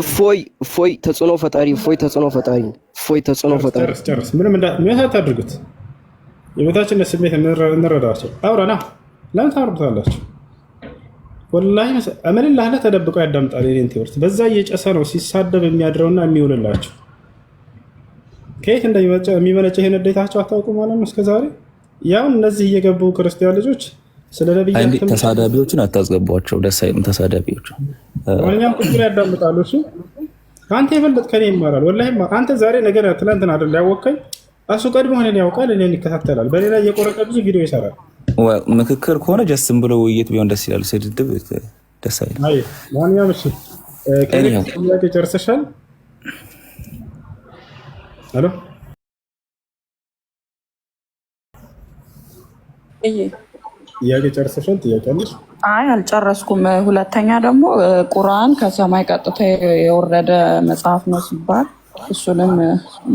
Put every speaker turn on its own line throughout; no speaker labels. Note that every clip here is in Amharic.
እፎይ እፎይ ተጽዕኖ ፈጣሪ እፎይ ተጽዕኖ ፈጣሪ
እፎይ ተጽዕኖ ፈጣሪ ጨርስ። ምንም አታድርጉት። የበታችነት ስሜት እንረዳቸው። አውራና ለምን ታወርዱታላችሁ? ወላሂ አመልላ ተደብቆ ያዳምጣል። የእኔን ትምህርት በዛ እየጨሰ ነው ሲሳደብ የሚያድረውና የሚውልላቸው። ከየት እንደሚመነጨ ይሄን እንዴታቸው አታውቁ ማለት ነው። እስከዛሬ ያው እነዚህ እየገቡ ክርስቲያን ልጆች
ተሳዳቢዎችን አታስገቧቸው። ደስ አይልም። ተሳዳቢዎች
እኛም ቁጥር ያዳምጣሉ። እሱ ከአንተ የበለጠ ከኔ ይማራል። ወላሂ አንተ ዛሬ ነገር ትናንትና አይደል ያወቀኝ። እሱ ቀድሞ እኔን ያውቃል፣ እኔን ይከታተላል። በሌላ እየቆረጠ ብዙ ቪዲዮ ይሰራል።
ምክክር ከሆነ ጀስም ብሎ ውይይት ቢሆን ደስ ይላል። ስድብ ደስ አይልም።
ማንኛውም እሺ፣ ጥያቄ ጨርሰሻል? ሄሎ ጥያቄ ጨርሰሻል? ጥያቄ አለሽ?
አይ አልጨረስኩም። ሁለተኛ ደግሞ ቁርአን ከሰማይ ቀጥታ የወረደ መጽሐፍ ነው ሲባል እሱንም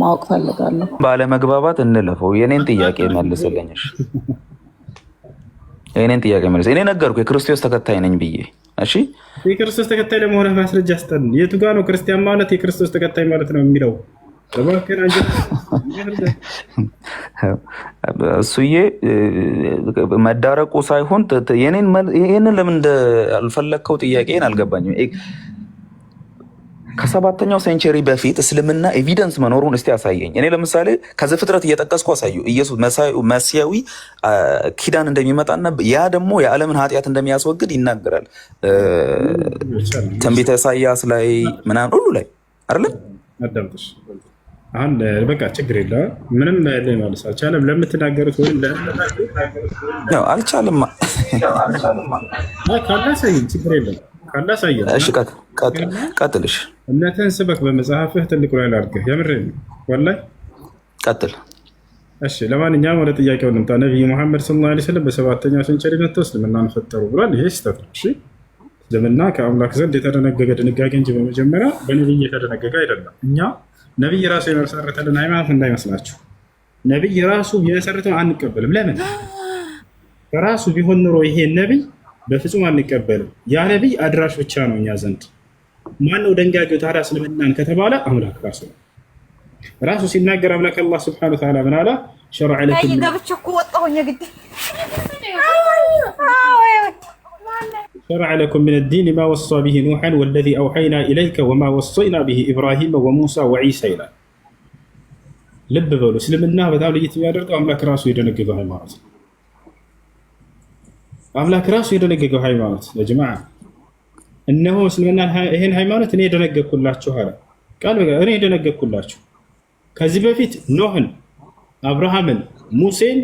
ማወቅ ፈልጋለሁ።
ባለመግባባት እንለፈው። የኔን ጥያቄ መልስልኝሽ። የኔን ጥያቄ መልስ። እኔ ነገርኩ የክርስቶስ ተከታይ ነኝ ብዬ። እሺ
የክርስቶስ ተከታይ ለመሆነ ማስረጃ ስጠን። የቱ ጋ ነው ክርስቲያን ማለት የክርስቶስ ተከታይ ማለት ነው የሚለው
እሱዬ መዳረቁ ሳይሆን ይህንን ለምን አልፈለግከው ጥያቄን አልገባኝም። ከሰባተኛው ሴንቸሪ በፊት እስልምና ኤቪደንስ መኖሩን እስቲ አሳየኝ። እኔ ለምሳሌ ፍጥረት እየጠቀስኩ አሳዩ ኢየሱስ መሲያዊ ኪዳን እንደሚመጣና ያ ደግሞ የዓለምን ኃጢአት እንደሚያስወግድ ይናገራል። ትንቢተ ኢሳያስ ላይ ምናምን ሁሉ ላይ አይደለም
አለ በቃ ችግር የለ ምንም ያለ ማለት አልቻለም። ለምትናገሩት ወይም አልቻለም ካላሳይ ችግር የለም ካላሳየ ቀጥልሽ እምነትህን ስበክ በመጽሐፍህ ትልቁ ላይ ላድርግህ። የምር ወላሂ ቀጥል። እሺ ለማንኛውም ወደ ጥያቄው እንምጣ። ነቢይ መሐመድ ሰለላሁ ዐለይሂ ወሰለም በሰባተኛው ሴንቸሪ መጥተው እስልምናን ፈጠሩ ብሏል። ይሄ ስህተት ነው። እስልምና ከአምላክ ዘንድ የተደነገገ ድንጋጌ እንጂ በመጀመሪያ በነቢይ የተደነገገ አይደለም። እኛ ነቢይ ራሱ የመሰረተልን ሃይማኖት እንዳይመስላችሁ። ነቢይ ራሱ የመሰረተውን አንቀበልም። ለምን ከራሱ ቢሆን ኑሮ ይሄ ነቢይ በፍጹም አንቀበልም። ያ ነቢይ አድራሽ ብቻ ነው እኛ ዘንድ። ማነው ደንጋጌው ታዲያ እስልምናን ከተባለ አምላክ ራሱ ነው። ራሱ ሲናገር አምላክ አላህ ስብሐነሁ ወተዓላ ምን አለ? ሸርዐ ለኩም ገብቼ እኮ ወጣሁኝ ግድ شرع لكم من الدين ما وصى به نوحا والذي أوحينا إليك وما وصينا به إبراهيم وموسى وعيسى إلى ልብ በሉ እስልምና በጣም ለየት የሚያደርገው አምላክ ራሱ የደነገገው ሃይማኖት አምላክ ራሱ የደነገገው ሃይማኖት ለጅማ እነሆ እስልምና ይህን ሃይማኖት እኔ የደነገግኩላችሁ አለ። ቃል እኔ የደነገግኩላችሁ ከዚህ በፊት ኖህን፣ አብርሃምን፣ ሙሴን፣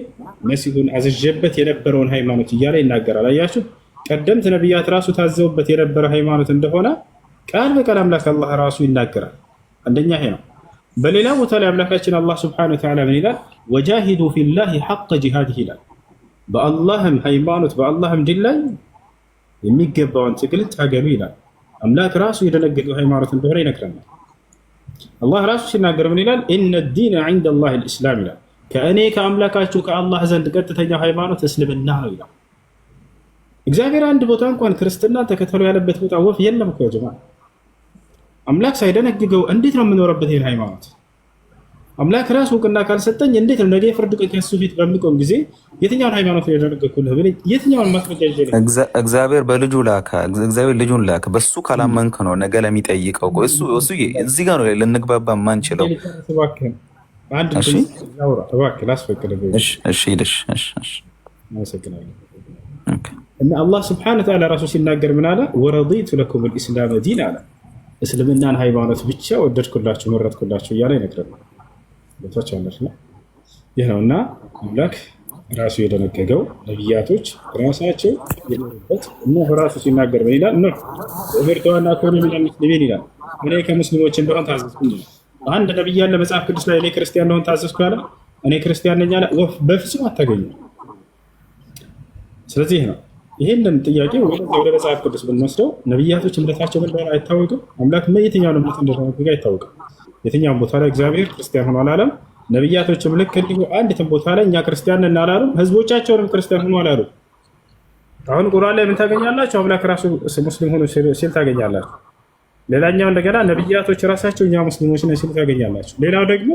መሲሁን አዘጀበት የነበረውን ሃይማኖት እያለ ይናገራል። አያችሁ ቀደምት ነቢያት ራሱ ታዘውበት የነበረ ሃይማኖት እንደሆነ ቃል በቃል አምላክ አላህ ራሱ ይናገራል። አንደኛ ይሄ ነው። በሌላ ቦታ ላይ አምላካችን አላህ ስብሐነሁ ወተዓላ ምን ይላል? ወጃሂዱ ፊላሂ ሐቀ ጂሃዲህ ይላል። በአላህም ሃይማኖት በአላህም ዲን ላይ የሚገባውን ትግል ታገሉ ይላል። አምላክ ራሱ የደነገገው ሃይማኖት እንደሆነ ይነግረናል። አላህ ራሱ ሲናገር ምን ይላል? ኢነ ዲነ ዐንደላሂል ኢስላም ይላል። ከእኔ ከአምላካችሁ ከአላህ ዘንድ ቀጥተኛው ሃይማኖት እስልምና ነው ይላል። እግዚአብሔር አንድ ቦታ እንኳን ክርስትና ተከተሉ ያለበት ቦታ ወፍ የለም እኮ ጀማ። አምላክ ሳይደነግገው እንዴት ነው የምኖረበት ይህን ሃይማኖት? አምላክ ራሱ እውቅና ካልሰጠኝ እንዴት ነው ነገ የፍርድ ቀን ከሱ ፊት በሚቆም ጊዜ የትኛውን ሃይማኖት ነው የደነገግኩልህ የትኛውን ማስረጃ ይዤ
እግዚአብሔር በልጁ ላከ። እግዚአብሔር ልጁን ላከ። በሱ ካላመንክ ነው ነገ ለሚጠይቀው። እሱ እሱ እዚህ ጋር ነው ልንግባባ የማንችለው። እሺ እሺ እሺ እሺ
እና አላህ ስብሐነ ወተዓላ ራሱ ሲናገር ምን አለ? ወረዲቱ ለኩም ልኢስላም ዲን አለ። እስልምናን ሃይማኖት ብቻ ወደድኩላችሁ መረጥኩላችሁ እያለ ይነግረናል። ቦታች አለችና ይህ ነው እና አምላክ ራሱ የደነገገው ነቢያቶች ራሳቸው የኖሩበት ኖህ ራሱ ሲናገር ምን ይላል? ኖህ ብርተዋና ከሆኑ ሚላል ሙስሊሚን ይላል። እኔ ከሙስሊሞች እንደሆን ታዘዝኩኝ አንድ ነቢይ ያለ መጽሐፍ ቅዱስ ላይ እኔ ክርስቲያን እንደሆን ታዘዝኩ ያለ እኔ ክርስቲያን ነኝ ያለ በፍጹም አታገኙ። ስለዚህ ነው ይህንን ጥያቄ ወደ መጽሐፍ ቅዱስ ብንወስደው ነቢያቶች እምነታቸው ምን እንደሆነ አይታወቅም። አምላክ የትኛውን እምነት እንደተናገገ አይታወቅም። የትኛውን ቦታ ላይ እግዚአብሔር ክርስቲያን ሆኖ አላለም። ነቢያቶችም ልክ እንዲሁ አንዲትም ቦታ ላይ እኛ ክርስቲያን እናላሉም፣ ህዝቦቻቸውንም ክርስቲያን ሆኖ አላሉ። አሁን ቁርአን ላይ ምን ታገኛላችሁ? አምላክ ራሱ ሙስሊም ሆኖ ሲል ታገኛላችሁ። ሌላኛው እንደገና ነቢያቶች ራሳቸው እኛ ሙስሊሞች ነን ሲል ታገኛላችሁ። ሌላው ደግሞ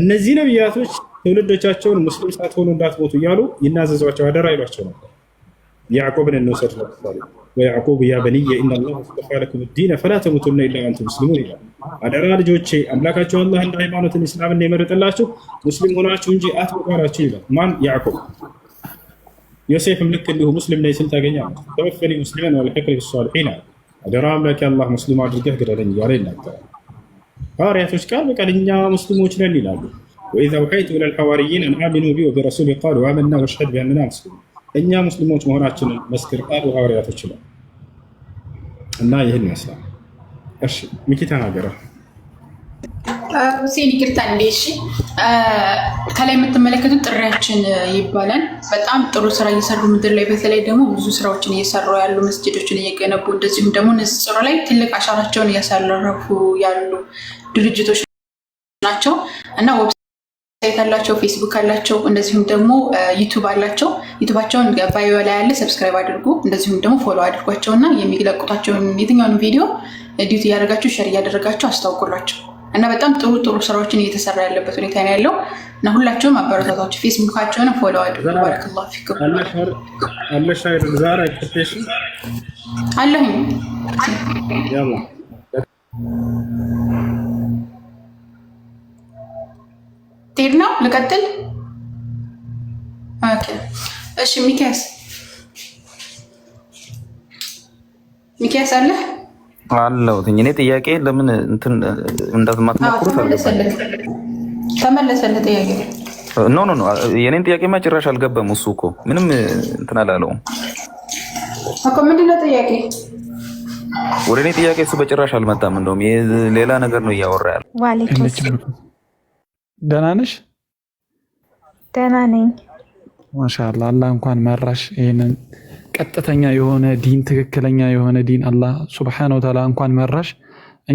እነዚህ ነቢያቶች ትውልዶቻቸውን ሙስሊም ሳትሆኑ እንዳትሞቱ እያሉ ይናዘዟቸው አደራ ይሏቸው ነበር። ያዕቆብን እንውሰድ። ለምሳሌ ወያዕቆብ ያ በንየ ኢና ላ አስጠፋ ለኩም ዲነ ፈላ ተሙቱና ኢላ አንቱም ሙስሊሙን ይላል። አደራ ልጆቼ አምላካቸው አላህ እንደ ሃይማኖትን እስላምን የመረጠላችሁ ሙስሊም ሆናችሁ እንጂ አትወቃላችሁ ይላል። ማን ያዕቆብ። ዮሴፍም ልክ እንዲሁ ሙስሊም ነኝ ስል ታገኛ ተወፈኒ ሙስሊምን ወልሕቅኒ ብሷልሒን አለ። አደራ አምላኬ አላህ ሙስሊም አድርገህ ግደለኝ እያለ ይናገራል። ሐዋርያቶች ቃል በቃል እኛ ሙስሊሞች ነን ይላሉ። ወኢዛ አውሐይቱ ኢለል ሐዋርይን አን አሚኑ ቢ ወቢረሱሊ ቃሉ አመና ወሽሀድ ቢአንና ሙስሊሙን እኛ ሙስሊሞች መሆናችንን መስክር ቃሉ ሐዋርያቶች ይላል እና ይህን ይመስላል። እሺ ሚኪ ተናገረ።
ሁሴን ይቅርታ እንዴ። እሺ ከላይ የምትመለከቱት ጥሪያችን ይባላል። በጣም ጥሩ ስራ እየሰሩ ምድር ላይ በተለይ ደግሞ ብዙ ስራዎችን እየሰሩ ያሉ መስጅዶችን እየገነቡ እንደዚሁም ደግሞ ንጽጽሮ ላይ ትልቅ አሻራቸውን እያሳረፉ ያሉ ድርጅቶች ናቸው እና ሳይት አላቸው፣ ፌስቡክ አላቸው፣ እንደዚሁም ደግሞ ዩቱብ አላቸው። ዩቱባቸውን ባዮ ላይ ያለ ሰብስክራይብ አድርጉ፣ እንደዚሁም ደግሞ ፎሎ አድርጓቸው እና የሚለቁታቸውን የትኛውን ቪዲዮ ዲዩቲ እያደረጋችሁ ሸር እያደረጋችሁ አስታውቁላቸው እና በጣም ጥሩ ጥሩ ስራዎችን እየተሰራ ያለበት ሁኔታ ነው ያለው እና ሁላቸውም አበረታታችሁ፣ ፌስቡካቸውን ፎሎ አድርጉ። ባረከላሁ ፊኩም አለሁኝ ሄድ ነው ልቀጥል። እሺ ሚኪያስ ሚኪያስ አለ
አለሁት። እኔ ጥያቄ ለምን እንዳትማትሞክሩ ጥያቄ? ኖ ኖ ኖ የኔን ጥያቄማ ጭራሽ አልገባም። እሱ እኮ ምንም እንትን አላለውም
እኮ ምንድነው ጥያቄ?
ወደ እኔ ጥያቄ እሱ በጭራሽ አልመጣም። እንደውም ሌላ ነገር ነው እያወራ
ያለ ደህና ነሽ? ደህና ነኝ።
ማሻላ አላህ እንኳን መራሽ። ይህንን ቀጥተኛ የሆነ ዲን፣ ትክክለኛ የሆነ ዲን አላህ ስብሐነ ወተዓላ እንኳን መራሽ።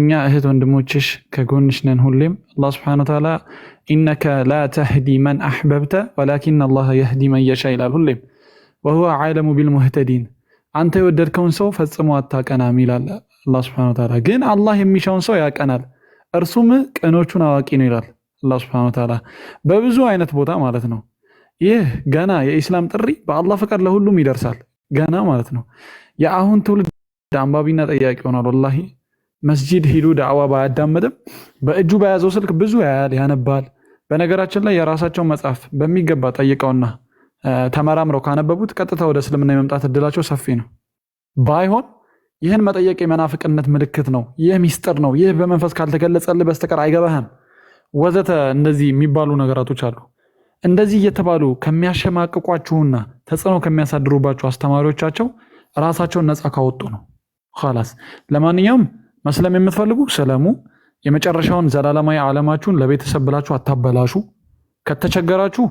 እኛ እህት ወንድሞችሽ ከጎንሽ ነን ሁሌም። አላህ ስብሐነ ወተዓላ ኢነከ ላ ተህዲ መን አሕበብተ ወላኪን አላህ የህዲ መን የሻ ይላል ሁሌም። ወሁወ አዕለሙ ቢልሙህተዲን አንተ የወደድከውን ሰው ፈጽሞ አታቀናም ይላል አላህ ስብሐነ ወተዓላ። ግን አላህ የሚሻውን ሰው ያቀናል፣ እርሱም ቀኖቹን አዋቂ ነው ይላል። አላህ ስብሐነሁ ወተዓላ በብዙ አይነት ቦታ ማለት ነው። ይህ ገና የኢስላም ጥሪ በአላህ ፈቃድ ለሁሉም ይደርሳል። ገና ማለት ነው። የአሁን ትውልድ አንባቢና ጠያቂ ይሆናል። ወላሂ መስጂድ ሂዱ ዳዕዋ ባያዳምጥም በእጁ በያዘው ስልክ ብዙ ያያል፣ ያነባል። በነገራችን ላይ የራሳቸውን መጽሐፍ በሚገባ ጠይቀውና ተመራምረው ካነበቡት ቀጥታ ወደ እስልምና የመምጣት እድላቸው ሰፊ ነው። ባይሆን ይህን መጠየቅ የመናፍቅነት ምልክት ነው። ይህ ሚስጥር ነው። ይህ በመንፈስ ካልተገለጸልህ በስተቀር አይገባህም። ወዘተ እንደዚህ የሚባሉ ነገራቶች አሉ። እንደዚህ እየተባሉ ከሚያሸማቅቋችሁና ተጽዕኖ ከሚያሳድሩባቸው አስተማሪዎቻቸው ራሳቸውን ነፃ ካወጡ ነው። ላስ ለማንኛውም መስለም የምትፈልጉ ስለሙ። የመጨረሻውን ዘላለማዊ ዓለማችሁን ለቤተሰብ ብላችሁ አታበላሹ። ከተቸገራችሁ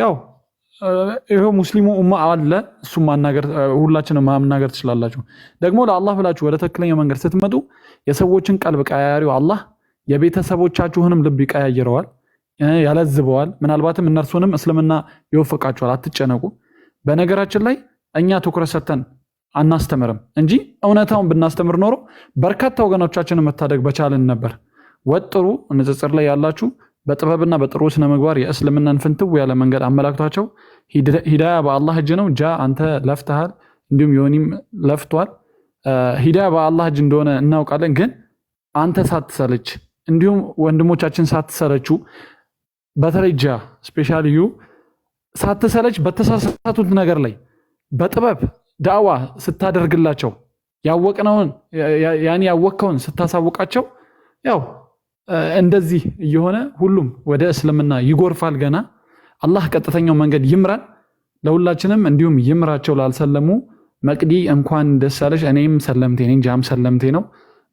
ያው ይኸው ሙስሊሙ ኡማ አለ፣ እሱ ሁላችን ሁላችንም ማናገር ትችላላችሁ። ደግሞ ለአላህ ብላችሁ ወደ ትክክለኛ መንገድ ስትመጡ የሰዎችን ቀልብ ቀያሪው አላህ የቤተሰቦቻችሁንም ልብ ይቀያይረዋል፣ ያለዝበዋል። ምናልባትም እነርሱንም እስልምና ይወፍቃቸዋል። አትጨነቁ። በነገራችን ላይ እኛ ትኩረት ሰጥተን አናስተምርም እንጂ እውነታውን ብናስተምር ኖሮ በርካታ ወገኖቻችንን መታደግ በቻልን ነበር። ወጥሩ ንጽጽር ላይ ያላችሁ በጥበብና በጥሩ ስነ ምግባር የእስልምናን ፍንትው ያለ መንገድ አመላክቷቸው ሂዳያ በአላህ እጅ ነው። ጃ አንተ ለፍተሃል፣ እንዲሁም ዮኒም ለፍቷል። ሂዳያ በአላህ እጅ እንደሆነ እናውቃለን። ግን አንተ ሳትሰልች እንዲሁም ወንድሞቻችን ሳትሰለቹ በተለይ ጃ ስፔሻል ዩ ሳትሰለች በተሳሳቱት ነገር ላይ በጥበብ ዳዕዋ ስታደርግላቸው ያወቅነውን ያን ያወቅከውን ስታሳውቃቸው ያው እንደዚህ እየሆነ ሁሉም ወደ እስልምና ይጎርፋል። ገና አላህ ቀጥተኛው መንገድ ይምራን ለሁላችንም፣ እንዲሁም ይምራቸው ላልሰለሙ። መቅዲ እንኳን ደስ አለሽ። እኔም ሰለምቴ ነኝ፣ ጃም ሰለምቴ ነው።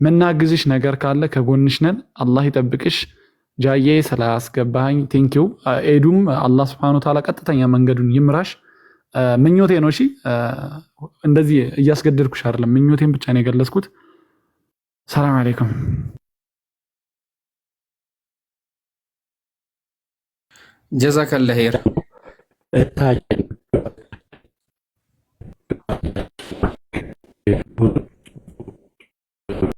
ምናግዝሽ ነገር ካለ ከጎንሽ ነን። አላህ ይጠብቅሽ። ጃዬ ስላስገባኝ ቴንኪው። ኤዱም አላህ ስብሐነሁ ወተዓላ ቀጥተኛ መንገዱን ይምራሽ። ምኞቴ ነው። እሺ እንደዚህ እያስገደድኩሽ አይደለም፣ ምኞቴን ብቻ ነው የገለጽኩት። ሰላም አሌይኩም። ጀዛከላ ኸይር እታችን